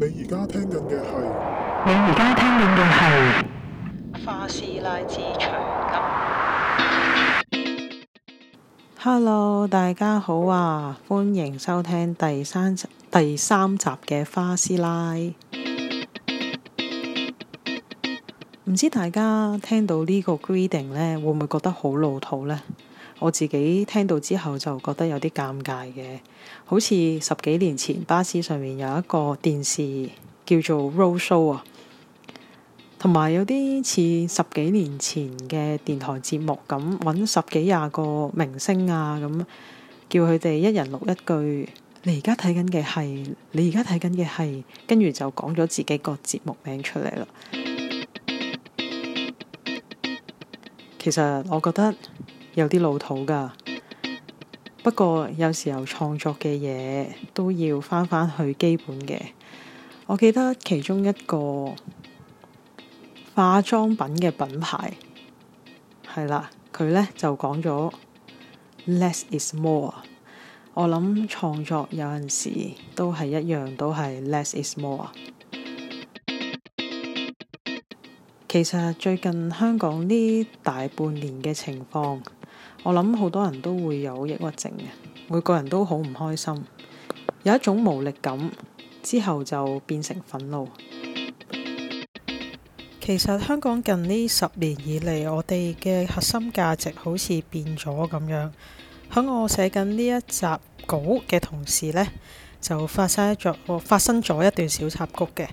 你而家聽緊嘅係，你而家聽緊嘅係花師奶之長今。 Hello，大家好啊，歡迎收聽第三第三集嘅花師奶。唔 知大家聽到呢個 greeting 呢，會唔會覺得好老土呢？我自己聽到之後就覺得有啲尷尬嘅，好似十幾年前巴士上面有一個電視叫做《Road Show》啊，同埋有啲似十幾年前嘅電台節目咁，揾十幾廿個明星啊咁，叫佢哋一人錄一句。你而家睇緊嘅係，你而家睇緊嘅係，跟住就講咗自己個節目名出嚟啦。其實我覺得有啲老土㗎，不過有時候創作嘅嘢都要返返去基本嘅。我記得其中一個化妝品嘅品牌係喇，佢呢就講咗 less is more。我諗創作有陣時都係一樣，都係 less is more。其實最近香港呢大半年嘅情況，我諗好多人都會有抑鬱症嘅，每個人都好唔開心，有一種無力感，之後就變成憤怒。其實香港近呢十年以嚟，我哋嘅核心價值好似變咗咁樣。喺我寫緊呢一集稿嘅同時呢，就發生咗、哦、發生咗一段小插曲嘅。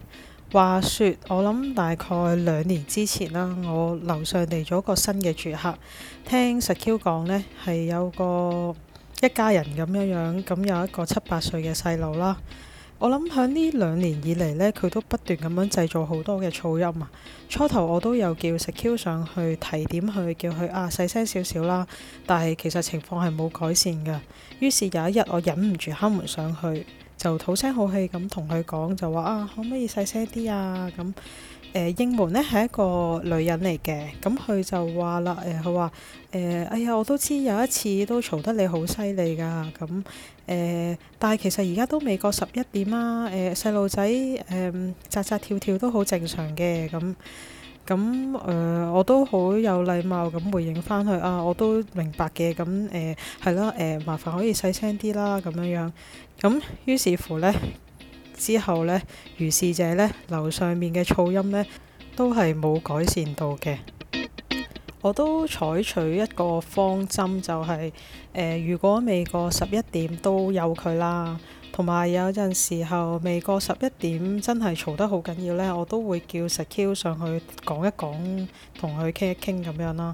話説，我諗大概兩年之前啦，我樓上嚟咗個新嘅住客，聽石 Q 講呢，係有個一家人咁樣樣，咁有一個七八歲嘅細路啦。我諗響呢兩年以嚟呢，佢都不斷咁樣製造好多嘅噪音呀。初頭我都有叫石 Q 上去提點佢，叫佢啊細聲少少啦。但係其實情況係冇改善㗎。於是有一日我忍唔住敲門上去。就好聲好氣咁同佢講，就話啊，可唔可以細聲啲啊？咁誒，應、呃、門呢係一個女人嚟嘅，咁佢就話啦，誒、呃，佢話誒，哎呀，我都知有一次都嘈得你好犀利噶，咁誒、呃，但係其實而家都未過十一點啦、啊。誒、呃，細路仔誒，扎、呃、扎跳跳都好正常嘅，咁咁誒，我都好有禮貌咁回應翻佢啊，我都明白嘅，咁誒，係、呃、囉，誒、呃，麻煩可以細聲啲啦，咁樣樣。咁於是乎呢，之後呢，如是者呢，樓上面嘅噪音呢，都係冇改善到嘅。我都採取一個方針，就係呃，如果未過十一點都有佢啦，同埋有陣時候未過十一點真係嘈得好緊要呢，我都會叫 secure 上去講一講，同佢傾一傾咁樣啦。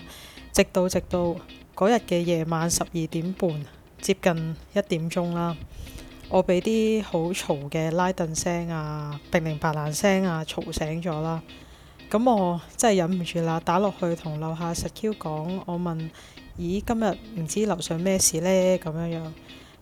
直到直到嗰日嘅夜晚十二點半，接近一點鐘啦。我俾啲好嘈嘅拉凳聲啊、乒零白爛聲啊，嘈醒咗啦。咁我真係忍唔住啦，打落去同樓下石 Q 講，我問：咦，今日唔知樓上咩事呢？咁樣樣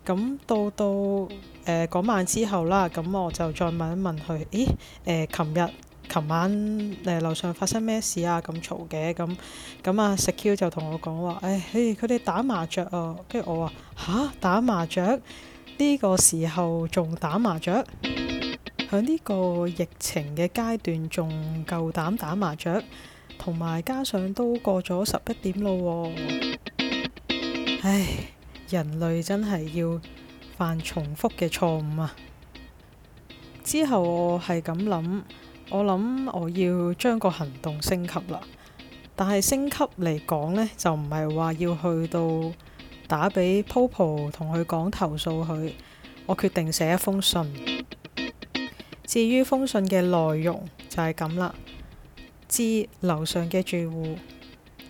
咁到到嗰、呃、晚之後啦，咁我就再問一問佢：咦琴、呃、日琴晚誒樓、呃、上發生咩事啊？咁嘈嘅咁咁啊，石 Q 就同我講話：唉、哎，嘿，佢哋打麻雀啊。跟住我話吓、啊，打麻雀。呢個時候仲打麻雀，喺呢個疫情嘅階段仲夠膽打麻雀，同埋加上都過咗十一點咯。唉，人類真係要犯重複嘅錯誤啊！之後我係咁諗，我諗我要將個行動升級啦。但係升級嚟講呢，就唔係話要去到。打俾 Popo 同佢講投訴佢，我決定寫一封信。至於封信嘅內容就係咁啦。致樓上嘅住戶，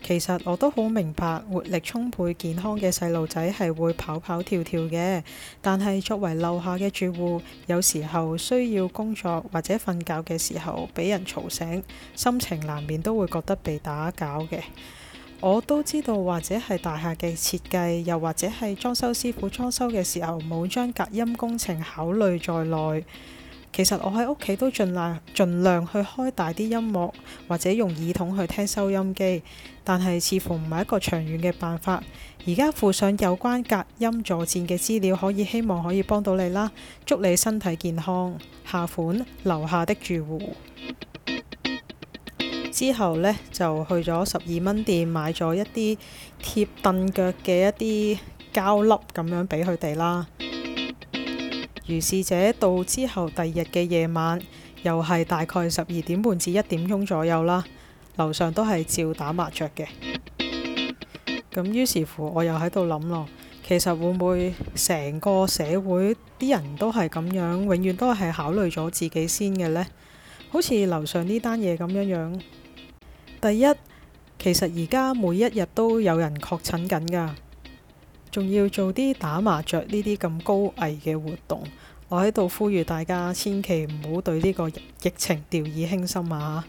其實我都好明白，活力充沛、健康嘅細路仔係會跑跑跳跳嘅。但係作為樓下嘅住戶，有時候需要工作或者瞓覺嘅時候俾人嘈醒，心情難免都會覺得被打攪嘅。我都知道，或者係大廈嘅設計，又或者係裝修師傅裝修嘅時候冇將隔音工程考慮在內。其實我喺屋企都盡量盡量去開大啲音樂，或者用耳筒去聽收音機，但係似乎唔係一個長遠嘅辦法。而家附上有關隔音助戰嘅資料，可以希望可以幫到你啦。祝你身體健康，下款樓下的住戶。之後呢，就去咗十二蚊店買咗一啲貼凳腳嘅一啲膠粒咁樣俾佢哋啦。如是者到之後第二日嘅夜晚，又係大概十二點半至一點鐘左右啦。樓上都係照打麻雀嘅。咁於是乎我又喺度諗咯，其實會唔會成個社會啲人都係咁樣，永遠都係考慮咗自己先嘅呢？好似樓上呢單嘢咁樣樣。第一，其實而家每一日都有人確診緊噶，仲要做啲打麻雀呢啲咁高危嘅活動。我喺度呼籲大家，千祈唔好對呢個疫情掉以輕心啊！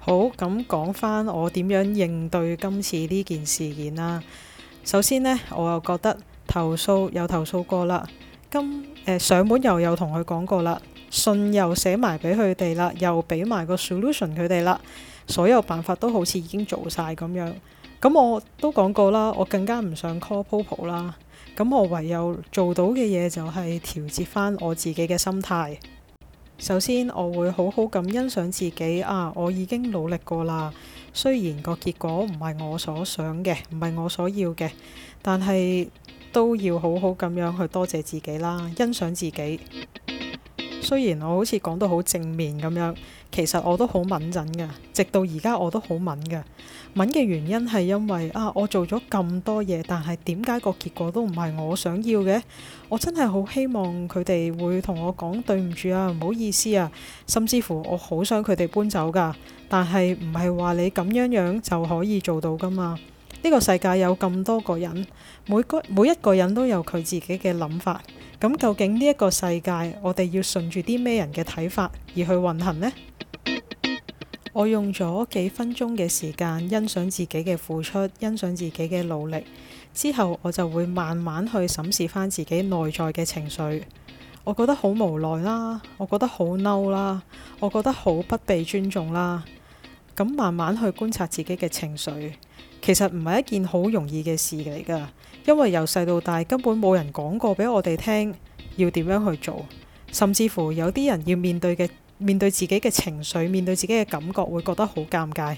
好，咁講返我點樣應對今次呢件事件啦。首先呢，我又覺得投訴有投訴過啦，今、呃、上門又有同佢講過啦，信又寫埋俾佢哋啦，又俾埋個 solution 佢哋啦。所有辦法都好似已經做晒咁樣，咁我都講過啦，我更加唔想 corporate 啦，咁我唯有做到嘅嘢就係調節返我自己嘅心態。首先，我會好好咁欣賞自己啊，我已經努力過啦。雖然個結果唔係我所想嘅，唔係我所要嘅，但係都要好好咁樣去多謝自己啦，欣賞自己。雖然我好似講到好正面咁樣，其實我都好忟憎嘅。直到而家我都好敏嘅，敏嘅原因係因為啊，我做咗咁多嘢，但係點解個結果都唔係我想要嘅？我真係好希望佢哋會同我講對唔住啊，唔好意思啊。甚至乎我好想佢哋搬走㗎，但係唔係話你咁樣樣就可以做到㗎嘛？呢個世界有咁多個人，每個每一個人都有佢自己嘅諗法。咁究竟呢一個世界，我哋要順住啲咩人嘅睇法而去運行呢？我用咗幾分鐘嘅時間，欣賞自己嘅付出，欣賞自己嘅努力，之後，我就會慢慢去審視翻自己內在嘅情緒。我覺得好無奈啦，我覺得好嬲啦，我覺得好不被尊重啦。咁慢慢去觀察自己嘅情緒。其實唔係一件好容易嘅事嚟㗎，因為由細到大根本冇人講過俾我哋聽要點樣去做，甚至乎有啲人要面對嘅、面對自己嘅情緒、面對自己嘅感覺，會覺得好尷尬。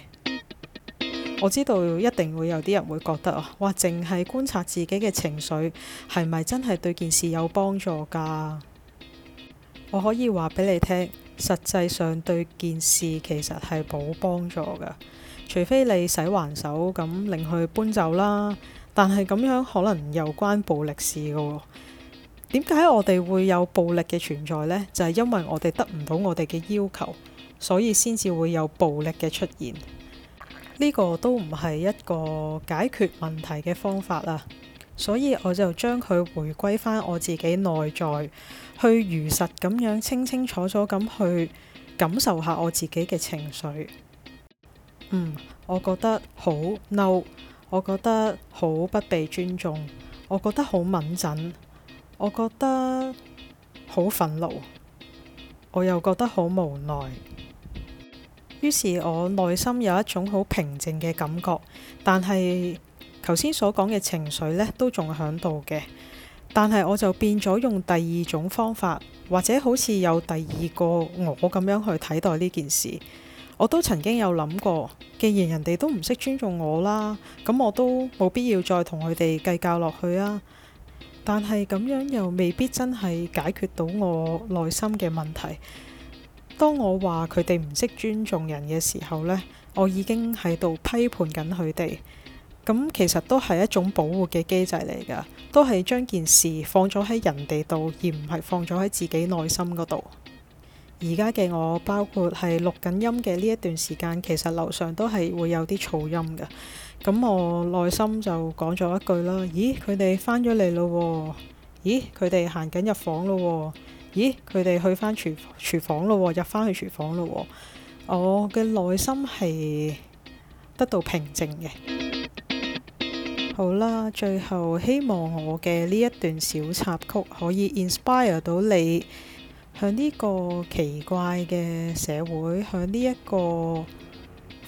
我知道一定會有啲人會覺得啊，哇！淨係觀察自己嘅情緒係咪真係對件事有幫助㗎？我可以話俾你聽，實際上對件事其實係冇幫助㗎。除非你使橫手咁令佢搬走啦，但係咁樣可能又關暴力事嘅喎。點解我哋會有暴力嘅存在呢？就係因為我哋得唔到我哋嘅要求，所以先至會有暴力嘅出現。呢個都唔係一個解決問題嘅方法啦。所以我就將佢回歸翻我自己內在，去如實咁樣清清楚楚咁去感受下我自己嘅情緒。嗯，我覺得好嬲，我覺得好不被尊重，我覺得好敏感，我覺得好憤怒，我又覺得好無奈。於是，我內心有一種好平靜嘅感覺，但係頭先所講嘅情緒呢都仲響度嘅。但係我就變咗用第二種方法，或者好似有第二個我咁樣去睇待呢件事。我都曾經有諗過，既然人哋都唔識尊重我啦，咁我都冇必要再同佢哋計較落去啊。但係咁樣又未必真係解決到我內心嘅問題。當我話佢哋唔識尊重人嘅時候呢，我已經喺度批判緊佢哋。咁其實都係一種保護嘅機制嚟㗎，都係將件事放咗喺人哋度，而唔係放咗喺自己內心嗰度。而家嘅我，包括係錄緊音嘅呢一段時間，其實樓上都係會有啲噪音嘅。咁我內心就講咗一句啦：咦，佢哋返咗嚟咯，咦，佢哋行緊入房咯，咦，佢哋去返廚廚房咯，入返去廚房咯。我嘅內心係得到平靜嘅。好啦，最後希望我嘅呢一段小插曲可以 inspire 到你。向呢個奇怪嘅社會，向呢一個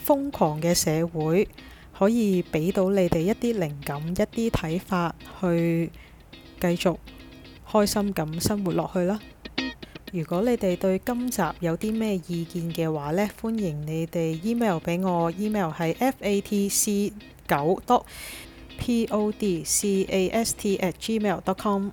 瘋狂嘅社會，可以俾到你哋一啲靈感、一啲睇法，去繼續開心咁生活落去啦。如果你哋對今集有啲咩意見嘅話呢，歡迎你哋 email 俾我，email 係 f a t c 九 dot p o d c a s t at gmail dot com。